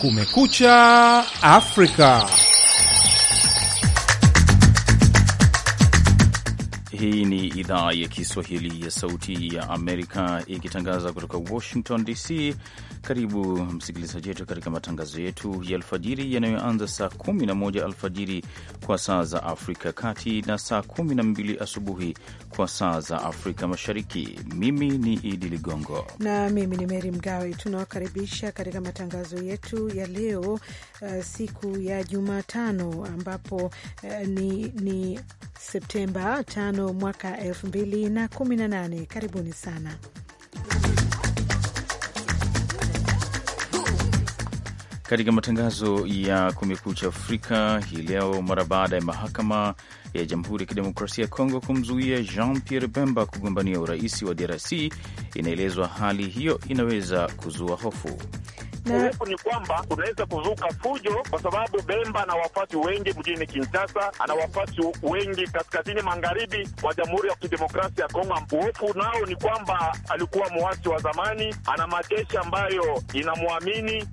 Kumekucha Afrika. Hii ni idhaa ya Kiswahili ya Sauti ya Amerika ikitangaza kutoka Washington DC. Karibu msikilizaji wetu katika matangazo yetu ya alfajiri yanayoanza saa 11 alfajiri kwa saa za Afrika kati na saa 12 asubuhi kwa saa za Afrika Mashariki. Mimi ni Idi Ligongo na mimi ni Meri Mgawe. Tunawakaribisha katika matangazo yetu ya leo, uh, siku ya Jumatano ambapo uh, ni, ni Septemba 5 mwaka 2018. Karibuni sana katika matangazo ya Kumekucha Afrika hii leo, mara baada ya mahakama ya Jamhuri ya Kidemokrasia ya Kongo kumzuia Jean Pierre Bemba kugombania urais wa DRC, inaelezwa hali hiyo inaweza kuzua hofu Urefu ni kwamba kunaweza kuzuka fujo kwa sababu Bemba ana wafuasi wengi mjini Kinshasa, ana wafuasi wengi kaskazini magharibi wa Jamhuri ya Kidemokrasia ya Kongo. Uhofu nao ni kwamba alikuwa mwasi wa zamani, ana majeshi ambayo inamwamini.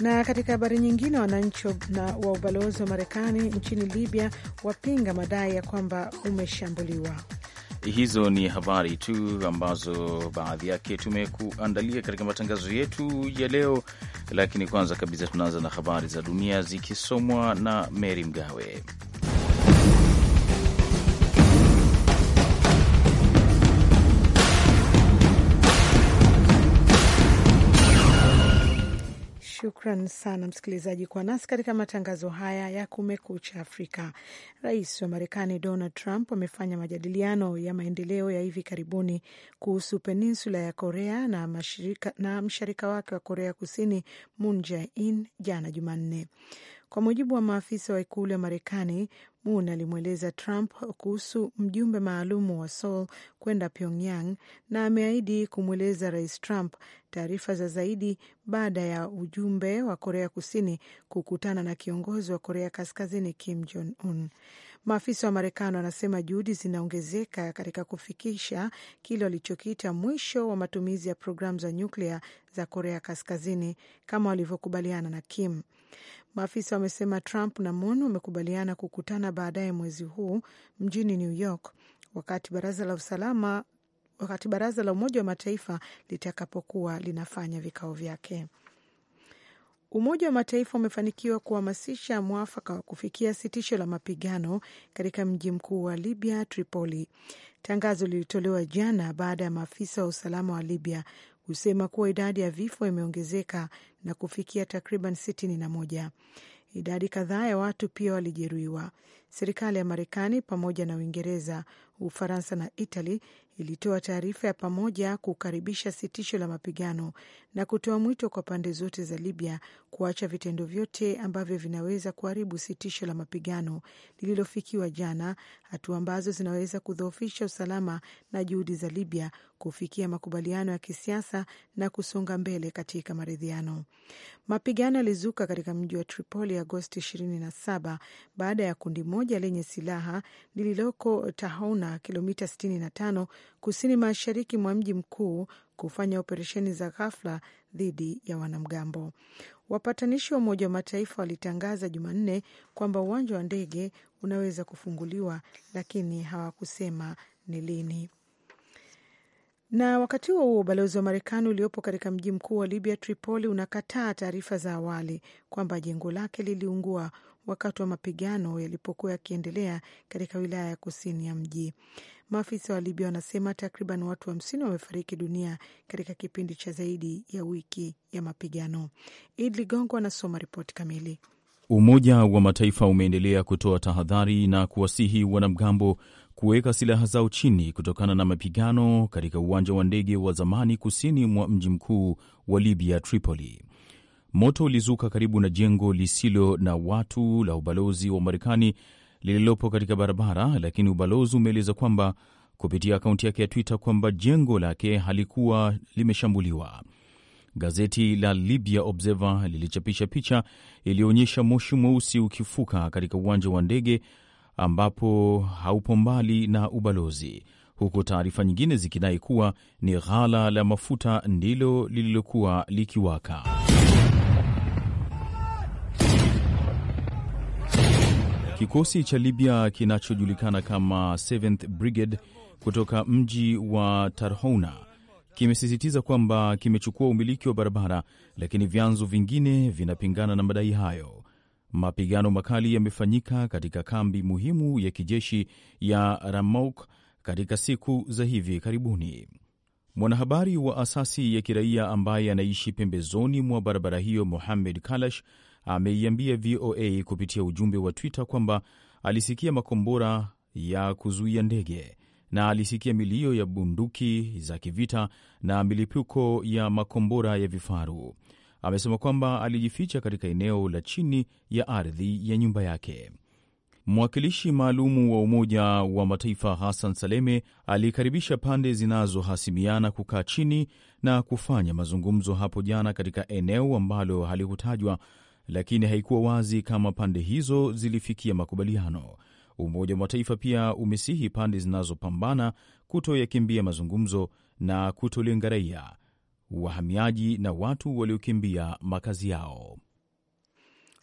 Na katika habari nyingine, wananchi wa ubalozi wa Marekani nchini Libya wapinga madai ya kwamba umeshambuliwa. Hizo ni habari tu ambazo baadhi yake tumekuandalia katika matangazo yetu ya leo, lakini kwanza kabisa tunaanza na habari za dunia zikisomwa na Meri Mgawe. Shukran sana msikilizaji kwa nasi katika matangazo haya ya Kumekucha Afrika. Rais wa Marekani Donald Trump amefanya majadiliano ya maendeleo ya hivi karibuni kuhusu peninsula ya Korea na, mashirika, na mshirika wake wa Korea Kusini Moon Jae-in jana Jumanne. Kwa mujibu wa maafisa wa ikulu ya Marekani, Moon alimweleza Trump kuhusu mjumbe maalumu wa Seoul kwenda Pyongyang na ameahidi kumweleza Rais Trump taarifa za zaidi baada ya ujumbe wa Korea Kusini kukutana na kiongozi wa Korea Kaskazini Kim Jong Un. Maafisa wa Marekani wanasema juhudi zinaongezeka katika kufikisha kile walichokiita mwisho wa matumizi ya programu za nyuklia za Korea Kaskazini kama walivyokubaliana na Kim. Maafisa wamesema Trump na Moon wamekubaliana kukutana baadaye mwezi huu mjini New York wakati baraza la usalama wakati baraza la Umoja wa Mataifa litakapokuwa linafanya vikao vyake. Umoja wa Mataifa umefanikiwa kuhamasisha mwafaka wa kufikia sitisho la mapigano katika mji mkuu wa Libya, Tripoli. Tangazo lilitolewa jana baada ya maafisa wa usalama wa Libya husema kuwa idadi ya vifo imeongezeka na kufikia takriban sitini na moja. Idadi kadhaa ya watu pia walijeruhiwa. Serikali ya Marekani pamoja na Uingereza, Ufaransa na Itali ilitoa taarifa ya pamoja kukaribisha sitisho la mapigano na kutoa mwito kwa pande zote za Libya kuacha vitendo vyote ambavyo vinaweza kuharibu sitisho la mapigano lililofikiwa jana, hatua ambazo zinaweza kudhoofisha usalama na juhudi za Libya kufikia makubaliano ya kisiasa na kusonga mbele katika maridhiano. Mapigano yalizuka katika mji wa Tripoli Agosti 27 baada ya kundi moja lenye silaha lililoko Tahouna, kilomita 65 kusini mashariki mwa mji mkuu kufanya operesheni za ghafla dhidi ya wanamgambo. Wapatanishi wa Umoja wa Mataifa walitangaza Jumanne kwamba uwanja wa ndege unaweza kufunguliwa, lakini hawakusema ni lini. Na wakati huo huo, ubalozi wa Marekani uliopo katika mji mkuu wa Libya, Tripoli, unakataa taarifa za awali kwamba jengo lake liliungua wakati wa mapigano yalipokuwa yakiendelea katika wilaya ya kusini ya mji. Maafisa wa Libya wanasema takriban watu hamsini wa wamefariki dunia katika kipindi cha zaidi ya wiki ya mapigano. Id Ligongo anasoma ripoti kamili. Umoja wa Mataifa umeendelea kutoa tahadhari na kuwasihi wanamgambo kuweka silaha zao chini kutokana na mapigano katika uwanja wa ndege wa zamani kusini mwa mji mkuu wa Libya, Tripoli. Moto ulizuka karibu na jengo lisilo na watu la ubalozi wa Marekani lililopo katika barabara, lakini ubalozi umeeleza kwamba kupitia akaunti yake ya Twitter kwamba jengo lake halikuwa limeshambuliwa. Gazeti la Libya Observer lilichapisha picha iliyoonyesha moshi mweusi ukifuka katika uwanja wa ndege ambapo haupo mbali na ubalozi, huku taarifa nyingine zikidai kuwa ni ghala la mafuta ndilo lililokuwa likiwaka. Kikosi cha Libya kinachojulikana kama 7th Brigade kutoka mji wa Tarhouna kimesisitiza kwamba kimechukua umiliki wa barabara, lakini vyanzo vingine vinapingana na madai hayo. Mapigano makali yamefanyika katika kambi muhimu ya kijeshi ya Ramauk katika siku za hivi karibuni. Mwanahabari wa asasi ya kiraia ambaye anaishi pembezoni mwa barabara hiyo, Mohamed Kalash, ameiambia VOA kupitia ujumbe wa Twitter kwamba alisikia makombora ya kuzuia ndege na alisikia milio ya bunduki za kivita na milipuko ya makombora ya vifaru. Amesema kwamba alijificha katika eneo la chini ya ardhi ya nyumba yake. Mwakilishi maalumu wa Umoja wa Mataifa Hassan Saleme alikaribisha pande zinazohasimiana kukaa chini na kufanya mazungumzo hapo jana katika eneo ambalo halikutajwa lakini haikuwa wazi kama pande hizo zilifikia makubaliano. Umoja wa Mataifa pia umesihi pande zinazopambana kutoyakimbia mazungumzo na kutolenga raia, wahamiaji na watu waliokimbia makazi yao.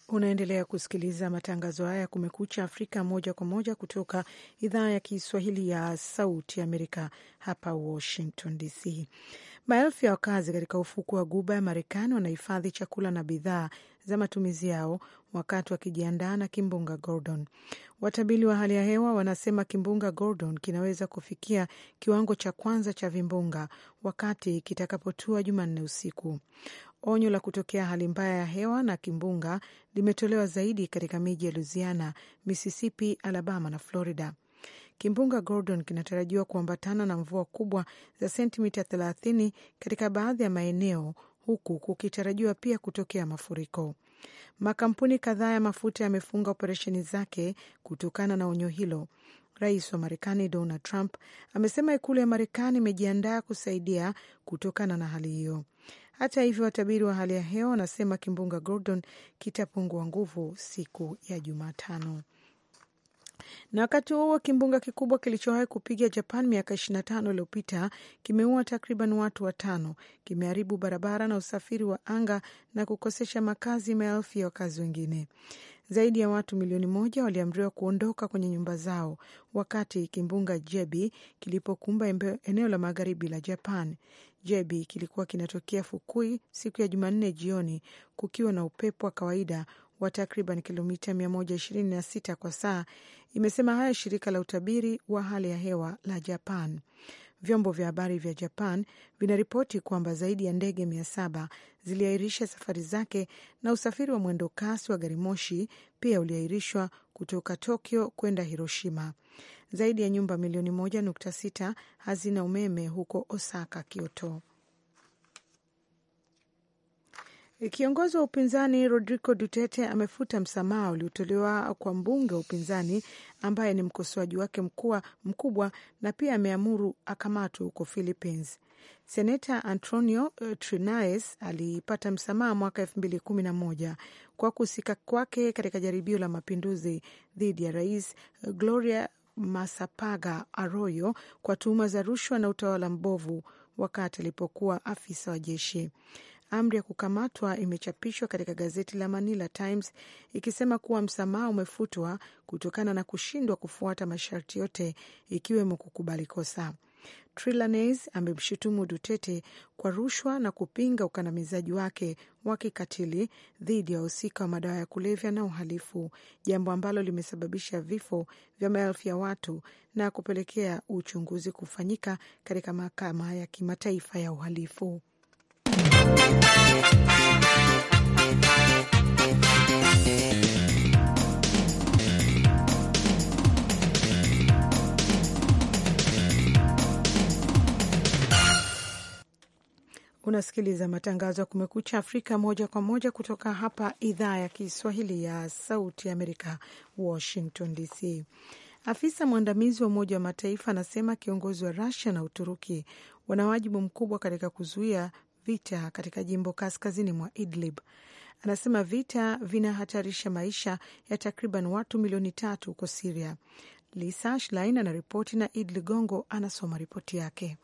Unaendelea kusikiliza matangazo haya ya Kumekucha Afrika moja kwa moja kutoka idhaa ya Kiswahili ya Sauti Amerika, hapa Washington DC. Maelfu ya wakazi katika ufuku wa guba ya Marekani wanahifadhi chakula na bidhaa za matumizi yao wakati wakijiandaa na kimbunga Gordon. Watabiri wa hali ya hewa wanasema kimbunga Gordon kinaweza kufikia kiwango cha kwanza cha vimbunga wakati kitakapotua Jumanne usiku. Onyo la kutokea hali mbaya ya hewa na kimbunga limetolewa zaidi katika miji ya Louisiana, Mississippi, Alabama na Florida. Kimbunga Gordon kinatarajiwa kuambatana na mvua kubwa za sentimita 30 katika baadhi ya maeneo huku kukitarajiwa pia kutokea mafuriko. Makampuni kadhaa ya mafuta yamefunga operesheni zake kutokana na onyo hilo. Rais wa Marekani Donald Trump amesema ikulu ya Marekani imejiandaa kusaidia kutokana na hali hiyo. Hata hivyo, watabiri wa hali ya hewa wanasema kimbunga Gordon kitapungua nguvu siku ya Jumatano. Na wakati huo kimbunga kikubwa kilichowahi kupiga Japan miaka 25 iliyopita kimeua takriban watu watano, kimeharibu barabara na usafiri wa anga na kukosesha makazi maelfu ya wakazi wengine. Zaidi ya watu milioni moja waliamriwa kuondoka kwenye nyumba zao wakati kimbunga Jebi kilipokumba eneo la magharibi la Japan. Jebi kilikuwa kinatokea Fukui siku ya Jumanne jioni kukiwa na upepo wa kawaida wa takriban kilomita 126 kwa saa. Imesema hayo shirika la utabiri wa hali ya hewa la Japan. Vyombo vya habari vya Japan vinaripoti kwamba zaidi ya ndege mia saba ziliahirisha safari zake na usafiri wa mwendo kasi wa gari moshi pia uliahirishwa kutoka Tokyo kwenda Hiroshima. Zaidi ya nyumba milioni moja nukta sita hazina umeme huko Osaka, Kyoto Kiongozi wa upinzani Rodrigo Duterte amefuta msamaha uliotolewa kwa mbunge wa upinzani ambaye ni mkosoaji wake mkua, mkubwa na pia ameamuru akamatwe huko Philippines. Senata Antonio eh, Trinaes alipata msamaha mwaka elfu mbili kumi na moja kwa kuhusika kwake katika jaribio la mapinduzi dhidi ya rais eh, Gloria Masapaga Arroyo kwa tuhuma za rushwa na utawala mbovu wakati alipokuwa afisa wa jeshi. Amri ya kukamatwa imechapishwa katika gazeti la Manila Times ikisema kuwa msamaha umefutwa kutokana na kushindwa kufuata masharti yote ikiwemo kukubali kosa. Trillanes amemshutumu Duterte kwa rushwa na kupinga ukandamizaji wake wa kikatili dhidi ya wahusika wa madawa ya kulevya na uhalifu, jambo ambalo limesababisha vifo vya maelfu ya watu na kupelekea uchunguzi kufanyika katika mahakama ya kimataifa ya uhalifu. Unasikiliza matangazo ya Kumekucha Afrika moja kwa moja kutoka hapa idhaa ya Kiswahili ya Sauti Amerika, Washington DC. Afisa mwandamizi wa Umoja wa Mataifa anasema kiongozi wa Rusia na Uturuki wana wajibu mkubwa katika kuzuia vita katika jimbo kaskazini mwa Idlib. Anasema vita vinahatarisha maisha ya takriban watu milioni tatu huko Siria. Lisa Schlein anaripoti na Id Ligongo anasoma ripoti yake.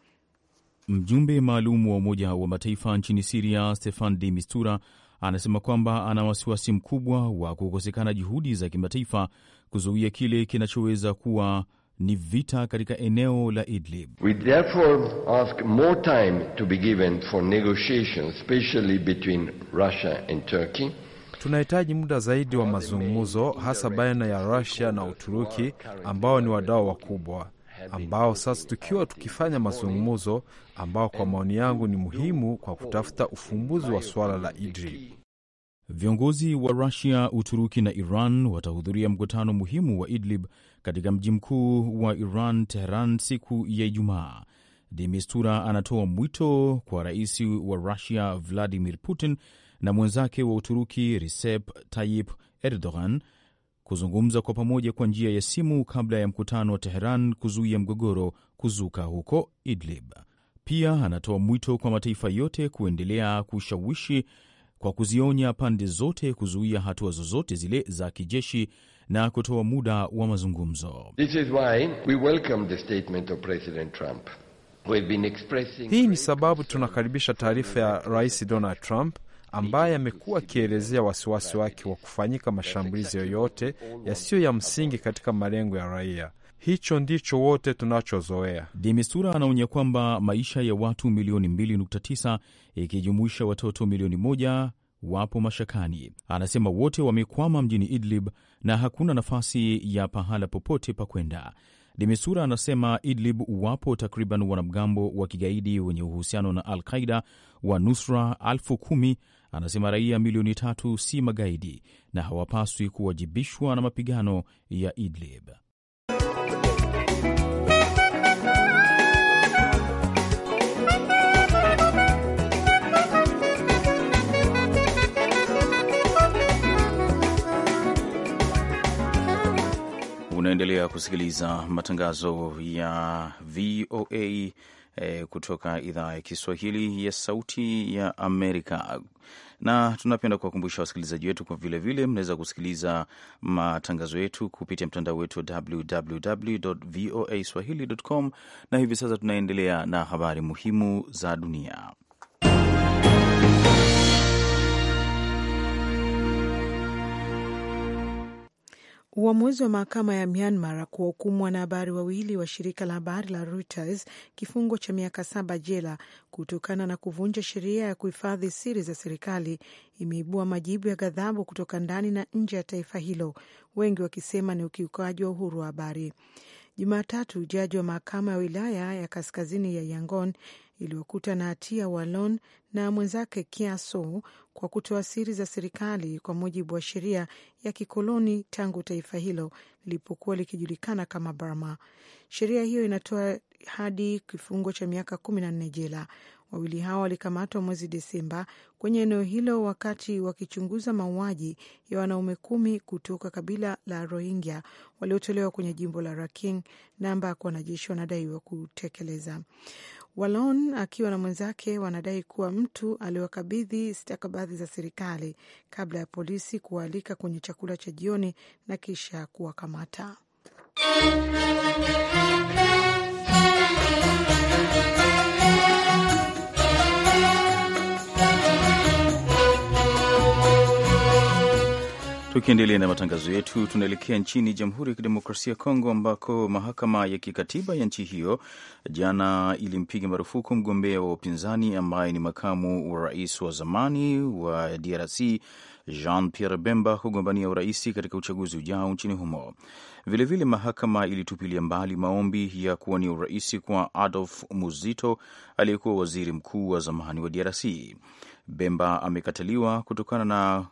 Mjumbe maalum wa Umoja wa Mataifa nchini Siria Stefan de Mistura anasema kwamba ana wasiwasi mkubwa wa kukosekana juhudi za kimataifa kuzuia kile kinachoweza kuwa ni vita katika eneo la Idlib. We therefore ask more time to be given for negotiations especially between Russia and Turkey. Tunahitaji muda zaidi wa mazungumzo hasa baina ya Russia na Uturuki ambao ni wadau wakubwa ambao sasa tukiwa tukifanya mazungumzo ambao kwa maoni yangu ni muhimu kwa kutafuta ufumbuzi wa suala la Idlib. Viongozi wa Rusia, Uturuki na Iran watahudhuria mkutano muhimu wa Idlib katika mji mkuu wa Iran, Teheran, siku ya Ijumaa. De anatoa mwito kwa rais wa Rusia Vladimir Putin na mwenzake wa Uturuki Recep Tayyip Erdogan kuzungumza kwa pamoja kwa njia ya simu kabla ya mkutano wa Teheran kuzuia mgogoro kuzuka huko Idlib. Pia anatoa mwito kwa mataifa yote kuendelea kushawishi kwa kuzionya pande zote kuzuia hatua zozote zile za kijeshi na kutoa muda wa mazungumzo. This is why we welcome the statement of President Trump. We've been expressing... Hii ni sababu tunakaribisha taarifa ya Rais Donald Trump ambaye amekuwa akielezea wasiwasi wake wa kufanyika mashambulizi yoyote yasiyo ya msingi katika malengo ya raia. Hicho ndicho wote tunachozoea. Dimisura anaonya kwamba maisha ya watu milioni 2.9 ikijumuisha watoto milioni moja wapo mashakani. Anasema wote wamekwama mjini Idlib na hakuna nafasi ya pahala popote pa kwenda. dimisura anasema Idlib wapo takriban wanamgambo wa kigaidi wenye uhusiano na Al Qaida wa Nusra elfu kumi. Anasema raia milioni tatu si magaidi na hawapaswi kuwajibishwa na mapigano ya Idlib. Unaendelea kusikiliza matangazo ya VOA eh, kutoka idhaa ya Kiswahili ya Sauti ya Amerika na tunapenda kuwakumbusha wasikilizaji wetu kwa vilevile, mnaweza kusikiliza matangazo yetu kupitia mtandao wetu wa www.voaswahili.com, na hivi sasa tunaendelea na habari muhimu za dunia. Uamuzi wa mahakama ya Myanmar wa kuwahukumu wanahabari wawili wa shirika la habari la Reuters kifungo cha miaka saba jela kutokana na kuvunja sheria ya kuhifadhi siri za serikali imeibua majibu ya ghadhabu kutoka ndani na nje ya taifa hilo, wengi wakisema ni ukiukaji wa uhuru wa habari. Jumatatu, jaji wa mahakama ya wilaya ya kaskazini ya Yangon iliyokuta na hatia Walon na mwenzake kiaso kwa kutoa siri za serikali kwa mujibu wa sheria ya kikoloni tangu taifa hilo lilipokuwa likijulikana kama Burma. Sheria hiyo inatoa hadi kifungo cha miaka kumi na nne jela Wawili hao walikamatwa mwezi Desemba kwenye eneo hilo wakati wakichunguza mauaji ya wanaume kumi kutoka kabila la Rohingya waliotolewa kwenye jimbo la Rakhine na ambako wanajeshi wanadaiwa kutekeleza. walon akiwa na mwenzake wanadai kuwa mtu aliwakabidhi stakabadhi za serikali kabla ya polisi kuwaalika kwenye chakula cha jioni na kisha kuwakamata. Tukiendelea na matangazo yetu, tunaelekea nchini Jamhuri ya Kidemokrasia ya Kongo ambako mahakama ya kikatiba ya nchi hiyo jana ilimpiga marufuku mgombea wa upinzani ambaye ni makamu wa rais wa zamani wa DRC Jean Pierre Bemba kugombania uraisi katika uchaguzi ujao nchini humo. Vilevile vile mahakama ilitupilia mbali maombi ya kuwania uraisi kwa Adolf Muzito aliyekuwa waziri mkuu wa zamani wa DRC. Bemba amekataliwa kutokana na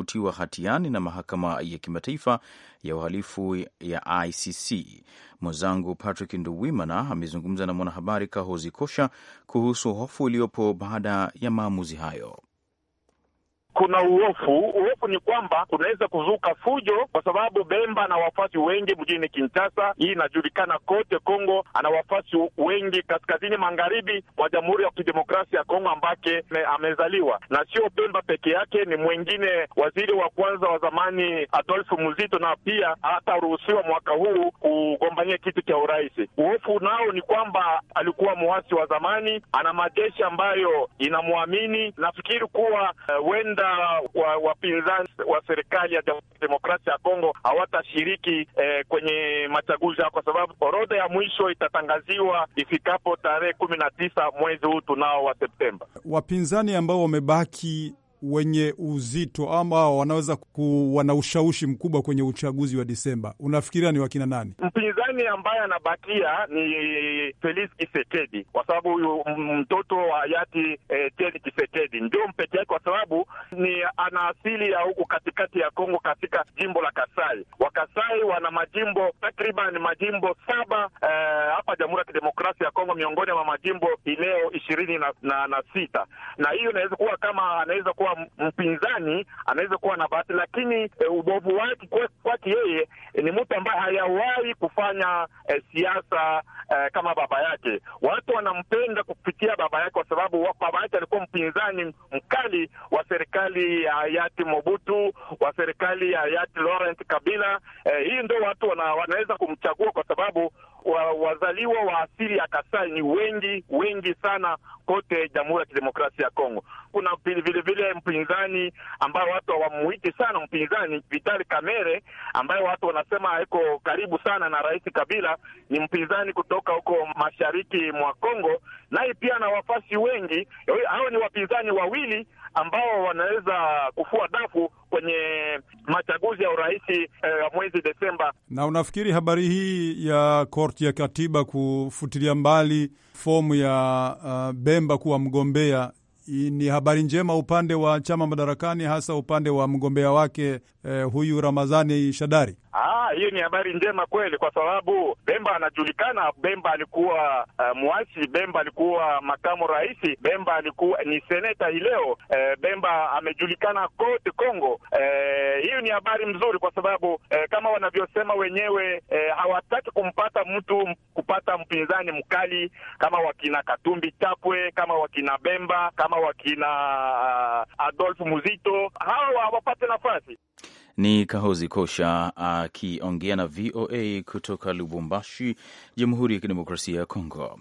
kutiwa hatiani na mahakama ya kimataifa ya uhalifu ya ICC. Mwenzangu Patrick Nduwimana amezungumza na mwanahabari Kahozi Kosha kuhusu hofu iliyopo baada ya maamuzi hayo kuna uofu. Uofu ni kwamba kunaweza kuzuka fujo, kwa sababu Bemba ana wafuasi wengi mjini Kinshasa. Hii inajulikana kote Kongo, ana wafuasi wengi kaskazini magharibi mwa Jamhuri ya Kidemokrasia ya Kongo ambake amezaliwa, na sio Bemba peke yake, ni mwengine waziri wa kwanza wa zamani Adolfu Muzito, na pia hataruhusiwa mwaka huu kugombania kiti cha urais. Uofu nao ni kwamba alikuwa mwasi wa zamani, ana majeshi ambayo inamwamini. Nafikiri kuwa eh, huenda wapinzani wa, wa serikali ya ya Demokrasia ya Kongo hawatashiriki eh, kwenye machaguzi hao, kwa sababu orodha ya mwisho itatangaziwa ifikapo tarehe kumi na tisa mwezi huu tunao wa Septemba. Wapinzani ambao wamebaki wenye uzito ama wanaweza kuwa na ushawishi mkubwa kwenye uchaguzi wa Disemba, unafikiria ni wakina nani? Mpinzani ambaye anabakia ni Felix Tshisekedi kwa sababu huyu mtoto wa hayati eh, Tshisekedi ndio mpeke yake, kwa sababu ni ana asili ya huku katikati ya Kongo, katika jimbo la Kasai. Wakasai wana majimbo takriban majimbo saba eh, hapa eh, Jamhuri ya Kidemokrasia ya Kongo, miongoni mwa majimbo ileo ishirini na, na, na sita, na hiyo inaweza kuwa kama anaweza kuwa kuwa mpinzani anaweza kuwa na bahati, lakini e, ubovu wake kwake yeye e, ni mtu ambaye hayawahi kufanya e, siasa e, kama baba yake. Watu wanampenda kupitia baba yake, kwa sababu baba yake alikuwa mpinzani mkali wa serikali ya hayati Mobutu, wa serikali ya hayati Laurent Kabila. E, hii ndo watu wana, wanaweza kumchagua kwa sababu wa, wazaliwa wa asili ya Kasai ni wengi wengi sana kote Jamhuri ya Kidemokrasia ya Kongo. Kuna vilevile vile mpinzani ambayo watu hawamuiti sana mpinzani, Vitali Kamere ambayo watu wanasema iko karibu sana na Rais Kabila, ni mpinzani kutoka huko mashariki mwa Kongo, naye pia na wafasi wengi. Hao ni wapinzani wawili ambao wanaweza kufua dafu kwenye machaguzi ya urais eh, ya eh, mwezi Desemba. Na unafikiri habari hii ya korti ya katiba kufutilia mbali fomu ya uh, Bemba kuwa mgombea ni habari njema upande wa chama madarakani, hasa upande wa mgombea wake eh, huyu Ramazani Shadari? Ah, hiyo ni habari njema kweli, kwa sababu Bemba anajulikana. Bemba alikuwa uh, mwasi. Bemba alikuwa makamu rais. Bemba alikuwa ni seneta hii leo. Uh, Bemba amejulikana kote Kongo. Eh, hiyo ni habari mzuri, kwa sababu uh, kama wanavyosema wenyewe uh, hawataki kumpata mtu kupata mpinzani mkali kama wakina Katumbi Chapwe, kama wakina Bemba, kama wakina uh, ah, Adolf Muzito, hawa hawapate nafasi. Ni Kahozi Kosha akiongea na VOA kutoka Lubumbashi, Jamhuri ya Kidemokrasia ya Kongo.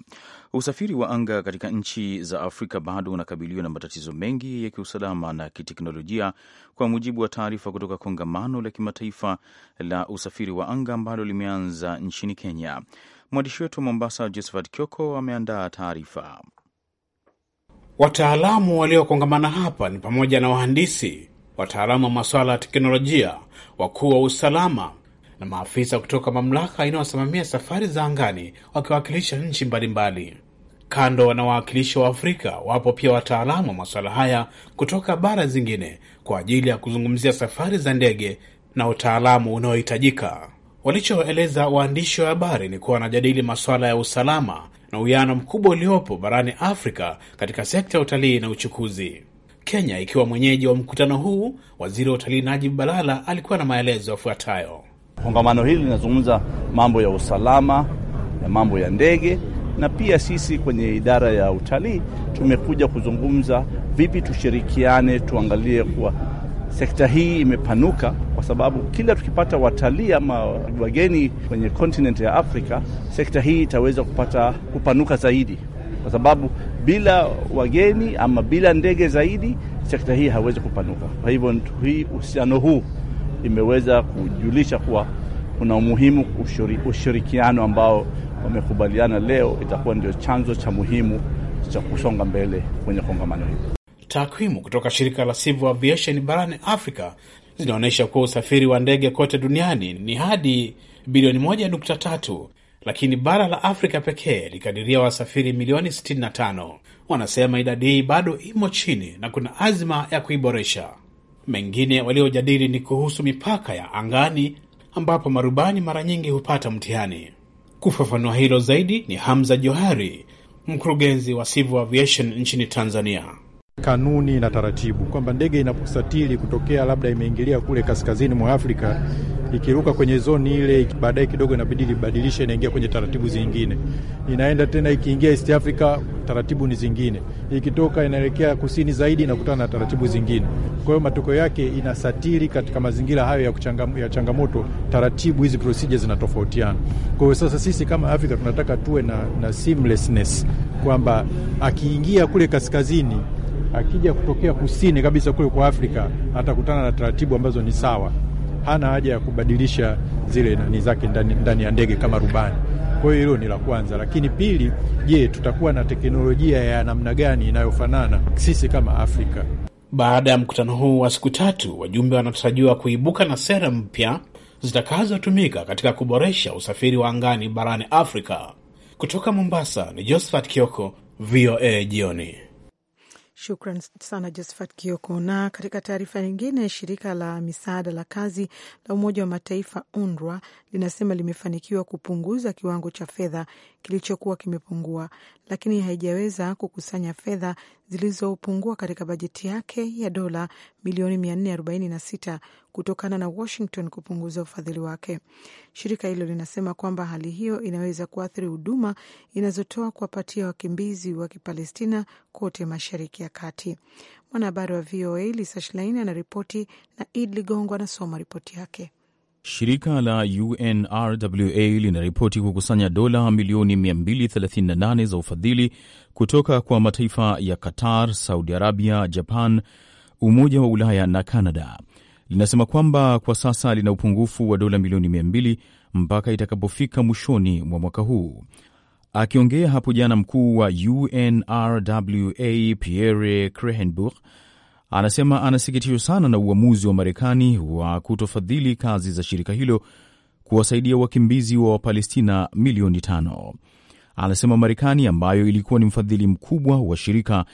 Usafiri wa anga katika nchi za Afrika bado unakabiliwa na matatizo mengi ya kiusalama na kiteknolojia, kwa mujibu wa taarifa kutoka kongamano la kimataifa la usafiri wa anga ambalo limeanza nchini Kenya. Mwandishi wetu wa Mombasa, Josephat Kioko, ameandaa taarifa. Wataalamu waliokongamana hapa ni pamoja na wahandisi wataalamu wa masuala ya teknolojia, wakuu wa usalama na maafisa kutoka mamlaka inayosimamia safari za angani wakiwakilisha nchi mbalimbali. Kando na wawakilishi wa Afrika, wapo pia wataalamu wa masuala haya kutoka bara zingine kwa ajili ya kuzungumzia safari za ndege na utaalamu unaohitajika. Walichoeleza waandishi wa habari ni kuwa wanajadili masuala ya usalama na uwiano mkubwa uliopo barani Afrika katika sekta ya utalii na uchukuzi. Kenya ikiwa mwenyeji wa mkutano huu, waziri wa utalii Najib Balala alikuwa na maelezo yafuatayo. Kongamano hili linazungumza mambo ya usalama na mambo ya ndege, na pia sisi kwenye idara ya utalii tumekuja kuzungumza vipi tushirikiane, tuangalie kuwa sekta hii imepanuka, kwa sababu kila tukipata watalii ama wageni kwenye kontinenti ya Afrika, sekta hii itaweza kupata kupanuka zaidi, kwa sababu bila wageni ama bila ndege zaidi, sekta hii hawezi kupanuka. Kwa hivyo hii uhusiano huu imeweza kujulisha kuwa kuna umuhimu ushirikiano ambao wamekubaliana leo itakuwa ndio chanzo cha muhimu cha kusonga mbele kwenye kongamano hili. Takwimu kutoka shirika la Civil Aviation barani Afrika zinaonyesha kuwa usafiri wa ndege kote duniani ni hadi bilioni 1.3 lakini bara la Afrika pekee likadiria wasafiri milioni 65. Wanasema idadi hii bado imo chini na kuna azma ya kuiboresha. Mengine waliojadili ni kuhusu mipaka ya angani ambapo marubani mara nyingi hupata mtihani. Kufafanua hilo zaidi ni Hamza Johari, mkurugenzi wa Civil Aviation nchini Tanzania. Kanuni na taratibu kwamba ndege inaposatili kutokea labda imeingilia kule kaskazini mwa Afrika ikiruka kwenye zoni ile, baadaye kidogo inabidi libadilisha, inaingia kwenye taratibu zingine, inaenda tena, ikiingia East Africa taratibu ni zingine, ikitoka inaelekea kusini zaidi inakutana na taratibu zingine. Kwa hiyo matokeo yake inasatiri katika mazingira hayo ya, kuchanga, ya changamoto, taratibu hizi procedure zinatofautiana. Kwa hiyo sasa sisi kama Afrika tunataka tuwe na, na seamlessness kwamba akiingia kule kaskazini akija kutokea kusini kabisa kule kwa Afrika atakutana na taratibu ambazo ni sawa hana haja ya kubadilisha zile nani zake ndani, ndani ya ndege kama rubani. Kwa hiyo hilo ni la kwanza, lakini pili, je, tutakuwa na teknolojia ya namna gani inayofanana sisi kama Afrika? Baada ya mkutano huu wa siku tatu, wajumbe wanatarajiwa kuibuka na sera mpya zitakazotumika katika kuboresha usafiri wa angani barani Afrika. Kutoka Mombasa ni Josephat Kioko, VOA Jioni. Shukran sana Josephat Kioko. Na katika taarifa nyingine, shirika la misaada la kazi la Umoja wa Mataifa UNRWA linasema limefanikiwa kupunguza kiwango cha fedha kilichokuwa kimepungua, lakini haijaweza kukusanya fedha zilizopungua katika bajeti yake ya dola bilioni 446 kutokana na Washington kupunguza ufadhili wake. Shirika hilo linasema kwamba hali hiyo inaweza kuathiri huduma inazotoa kuwapatia wakimbizi wa Kipalestina kote Mashariki ya Kati. Mwanahabari wa VOA Lisa Schlein anaripoti na Id Ligongo anasoma ripoti yake. Shirika la UNRWA linaripoti kukusanya dola milioni 238 za ufadhili kutoka kwa mataifa ya Qatar, Saudi Arabia, Japan, Umoja wa Ulaya na canada Linasema kwamba kwa sasa lina upungufu wa dola milioni 200 mpaka itakapofika mwishoni mwa mwaka huu. Akiongea hapo jana, mkuu wa UNRWA Pierre Krehenburg Anasema anasikitishwa sana na uamuzi wa Marekani wa kutofadhili kazi za shirika hilo kuwasaidia wakimbizi wa Wapalestina milioni tano. Anasema Marekani ambayo ilikuwa ni mfadhili mkubwa wa shirika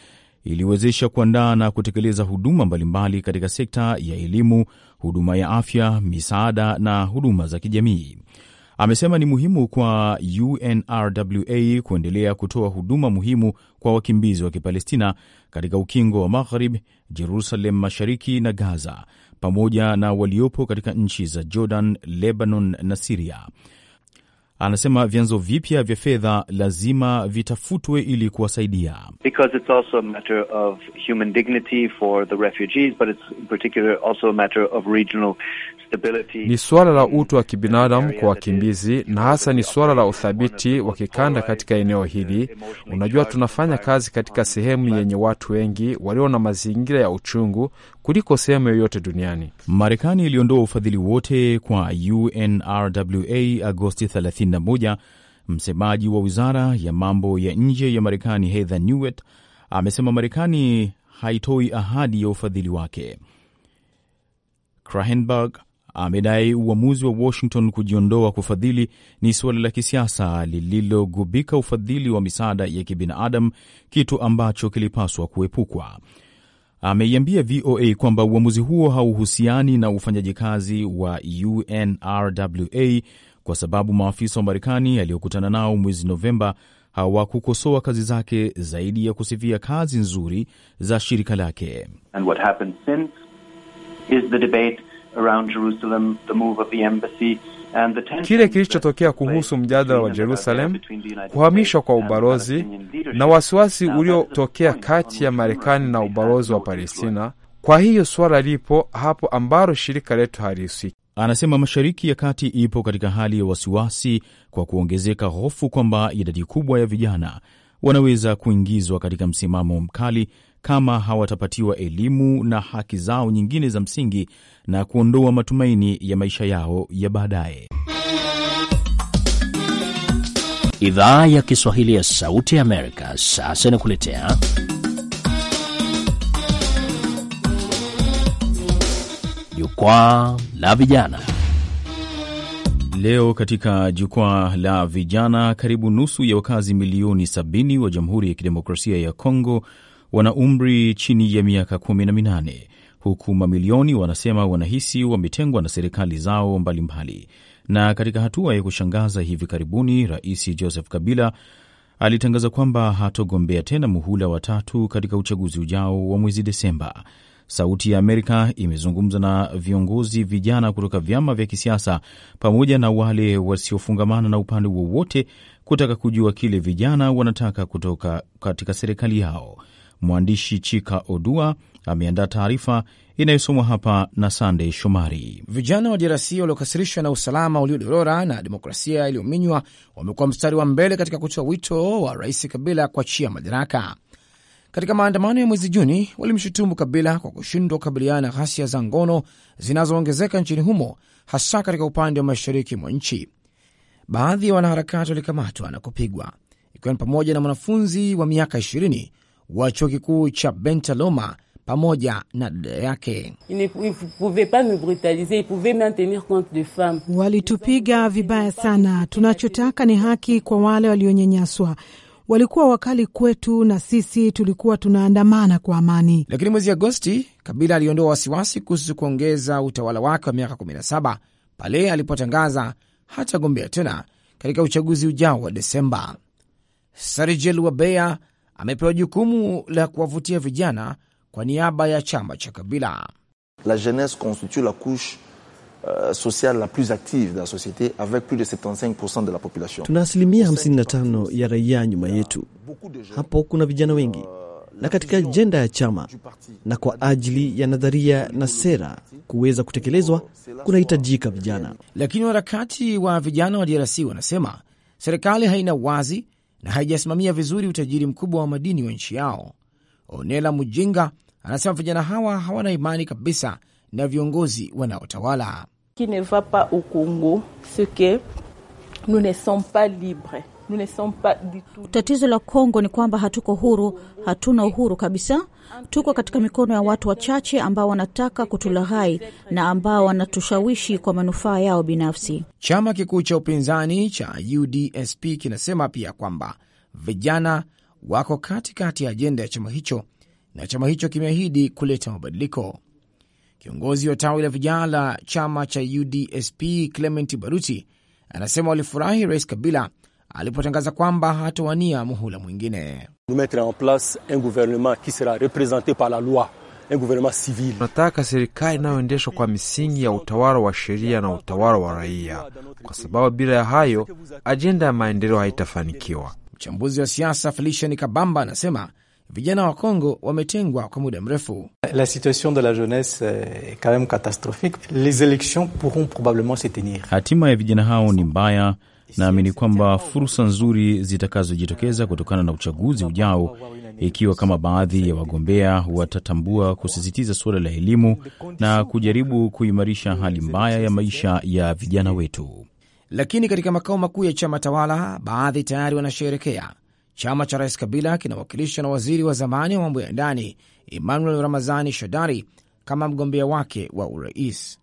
iliwezesha kuandaa na kutekeleza huduma mbalimbali katika sekta ya elimu, huduma ya afya, misaada na huduma za kijamii. Amesema ni muhimu kwa UNRWA kuendelea kutoa huduma muhimu kwa wakimbizi wa Kipalestina katika ukingo wa Magharibi Jerusalem Mashariki na Gaza, pamoja na waliopo katika nchi za Jordan, Lebanon na Siria. Anasema vyanzo vipya vya fedha lazima vitafutwe ili kuwasaidia. Ni suala la utu wa kibinadamu kwa wakimbizi, na hasa ni suala la uthabiti wa kikanda katika eneo hili. Unajua, tunafanya kazi katika sehemu yenye watu wengi walio na mazingira ya uchungu kuliko sehemu yoyote duniani. Marekani iliondoa ufadhili wote kwa UNRWA Agosti 61. Msemaji wa wizara ya mambo ya nje ya Marekani Heather Nauert amesema Marekani haitoi ahadi ya ufadhili wake. Krahenberg amedai uamuzi wa Washington kujiondoa kufadhili ni suala la kisiasa lililogubika ufadhili wa misaada ya kibinadamu, kitu ambacho kilipaswa kuepukwa. Ameiambia VOA kwamba uamuzi huo hauhusiani na ufanyaji kazi wa UNRWA kwa sababu maafisa wa Marekani aliyokutana nao mwezi Novemba hawakukosoa kazi zake zaidi ya kusifia kazi nzuri za shirika lake. And what happened since is the debate around Jerusalem, the move of the embassy Kile kilichotokea kuhusu mjadala wa Jerusalem, kuhamishwa kwa ubalozi na wasiwasi uliotokea kati ya Marekani na ubalozi wa Palestina. Kwa hiyo suala lipo hapo ambalo shirika letu halihusiki. Anasema Mashariki ya Kati ipo katika hali ya wasiwasi kwa kuongezeka hofu kwamba idadi kubwa ya vijana wanaweza kuingizwa katika msimamo mkali kama hawatapatiwa elimu na haki zao nyingine za msingi na kuondoa matumaini ya maisha yao ya baadaye. Idhaa ya Kiswahili ya Sauti ya Amerika sasa inakuletea Jukwaa la Vijana. Leo katika jukwaa la vijana, karibu nusu ya wakazi milioni 7 wa Jamhuri ya Kidemokrasia ya congo wana umri chini ya miaka 18, huku mamilioni wanasema wanahisi wametengwa na serikali zao mbalimbali mbali. Na katika hatua ya kushangaza, hivi karibuni Rais Joseph Kabila alitangaza kwamba hatogombea tena muhula watatu katika uchaguzi ujao wa mwezi Desemba. Sauti ya Amerika imezungumza na viongozi vijana kutoka vyama vya kisiasa pamoja na wale wasiofungamana na upande wowote kutaka kujua kile vijana wanataka kutoka katika serikali yao. Mwandishi Chika Odua ameandaa taarifa inayosomwa hapa na Sandey Shomari. Vijana wa DRC waliokasirishwa na usalama uliodorora na demokrasia iliyominywa wamekuwa mstari wa mbele katika kutoa wito wa Rais Kabila kuachia madaraka. Katika maandamano ya mwezi Juni walimshutumu Kabila kwa kushindwa kukabiliana na ghasia za ngono zinazoongezeka nchini humo, hasa katika upande wa mashariki mwa nchi. Baadhi ya wanaharakati walikamatwa na kupigwa, ikiwa ni pamoja na mwanafunzi wa miaka 20 wa chuo kikuu cha Bentaloma pamoja na dada yake. Walitupiga vibaya sana. Tunachotaka ni haki kwa wale walionyanyaswa walikuwa wakali kwetu na sisi tulikuwa tunaandamana kwa amani. Lakini mwezi Agosti, Kabila aliondoa wasiwasi kuhusu kuongeza utawala wake wa miaka 17 pale alipotangaza hatagombea tena katika uchaguzi ujao wa Desemba. Sarijel Wabea amepewa jukumu la kuwavutia vijana kwa niaba ya chama cha Kabila. La jeunesse constitue la couche Euh, sociale la plus active de la société avec plus de 75% de la population. Tuna asilimia 55 ya raia nyuma yetu. Hapo kuna vijana wengi euh, na katika ajenda ya chama na kwa ajili ya nadharia na sera kuweza kutekelezwa kunahitajika vijana. Lakini wanaharakati wa vijana wa DRC wanasema serikali haina wazi na haijasimamia vizuri utajiri mkubwa wa madini wa nchi yao. Onela Mujinga anasema vijana hawa hawana imani kabisa na viongozi wanaotawala qui ne va pas au Congo, c'est que nous ne sommes pas libres. Nous ne sommes pas du tout. Tatizo la Kongo ni kwamba hatuko huru, hatuna uhuru kabisa. Tuko katika mikono ya watu wachache ambao wanataka kutulaghai na ambao wanatushawishi kwa manufaa yao binafsi. Chama kikuu cha upinzani cha UDSP kinasema pia kwamba vijana wako katikati ya ajenda ya chama hicho na chama hicho kimeahidi kuleta mabadiliko. Kiongozi wa tawi la vijana la chama cha UDSP Clement Baruti anasema walifurahi Rais Kabila alipotangaza kwamba hatowania muhula mwingine. Tunataka serikali inayoendeshwa kwa misingi ya utawala wa sheria na utawala wa raia, kwa sababu bila ya hayo ajenda ya maendeleo haitafanikiwa. Mchambuzi wa siasa Felician Kabamba anasema vijana wa Kongo wametengwa kwa muda mrefu. La situation de la jeunesse est quand même catastrophique. Les elections pourront probablement se tenir. Hatima ya vijana hao ni mbaya. Naamini kwamba fursa nzuri zitakazojitokeza kutokana na uchaguzi ujao, ikiwa kama baadhi ya wagombea watatambua kusisitiza suala la elimu na kujaribu kuimarisha hali mbaya ya maisha ya vijana wetu. Lakini katika makao makuu ya chama tawala, baadhi tayari wanasherekea Chama cha Rais Kabila kinawakilishwa na waziri wa zamani wa mambo ya ndani Emmanuel Ramazani Shadari kama mgombea wake wa urais.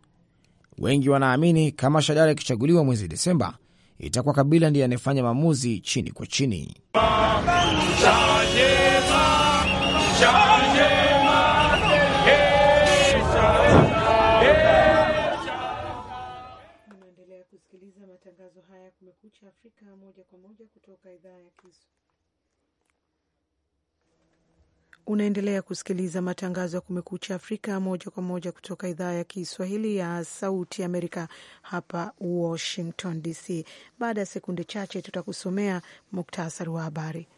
Wengi wanaamini kama Shadari akichaguliwa mwezi Desemba, itakuwa Kabila ndiye anayefanya maamuzi chini kwa chini. Unaendelea kusikiliza matangazo haya Kumekucha Afrika moja kwa moja kutoka idhaa ya Kiswahili Unaendelea kusikiliza matangazo ya Kumekucha Afrika moja kwa moja kutoka idhaa ya Kiswahili ya Sauti Amerika hapa Washington DC. Baada ya sekunde chache, tutakusomea muktasari wa habari.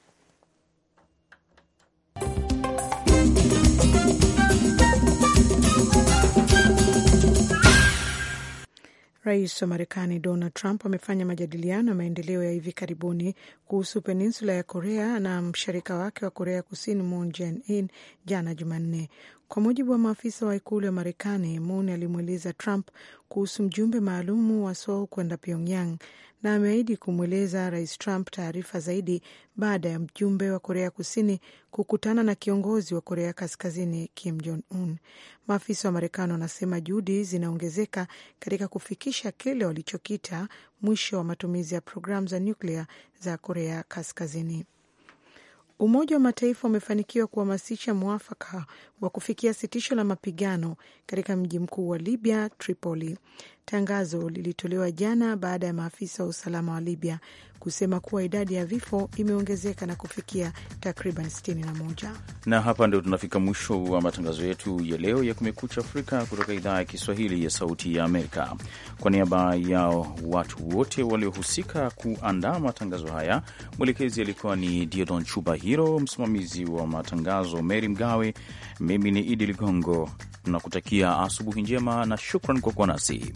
Rais wa Marekani Donald Trump amefanya majadiliano ya maendeleo ya hivi karibuni kuhusu peninsula ya Korea na mshirika wake wa Korea Kusini Moon Jae-in jana Jumanne. Kwa mujibu wa maafisa wa ikulu ya Marekani, Moon alimweleza Trump kuhusu mjumbe maalumu wa Seoul kwenda Pyongyang na ameahidi kumweleza Rais Trump taarifa zaidi baada ya mjumbe wa Korea Kusini kukutana na kiongozi wa Korea Kaskazini Kim Jong Un. Maafisa wa Marekani wanasema juhudi zinaongezeka katika kufikisha kile walichokita mwisho wa matumizi ya programu za nyuklia za Korea Kaskazini. Umoja wa Mataifa umefanikiwa kuhamasisha mwafaka wa kufikia sitisho la mapigano katika mji mkuu wa Libya, Tripoli, Tangazo lilitolewa jana baada ya maafisa wa usalama wa Libya kusema kuwa idadi ya vifo imeongezeka na kufikia takriban 61. Na hapa ndio tunafika mwisho wa matangazo yetu ya leo ya Kumekucha Afrika kutoka idhaa ya Kiswahili ya Sauti ya Amerika. Kwa niaba ya watu wote waliohusika kuandaa matangazo haya, mwelekezi alikuwa ni Diodon Chuba Hiro, msimamizi wa matangazo mery Mgawe, mimi ni Idi Ligongo tunakutakia asubuhi njema na shukran kwa kuwa nasi.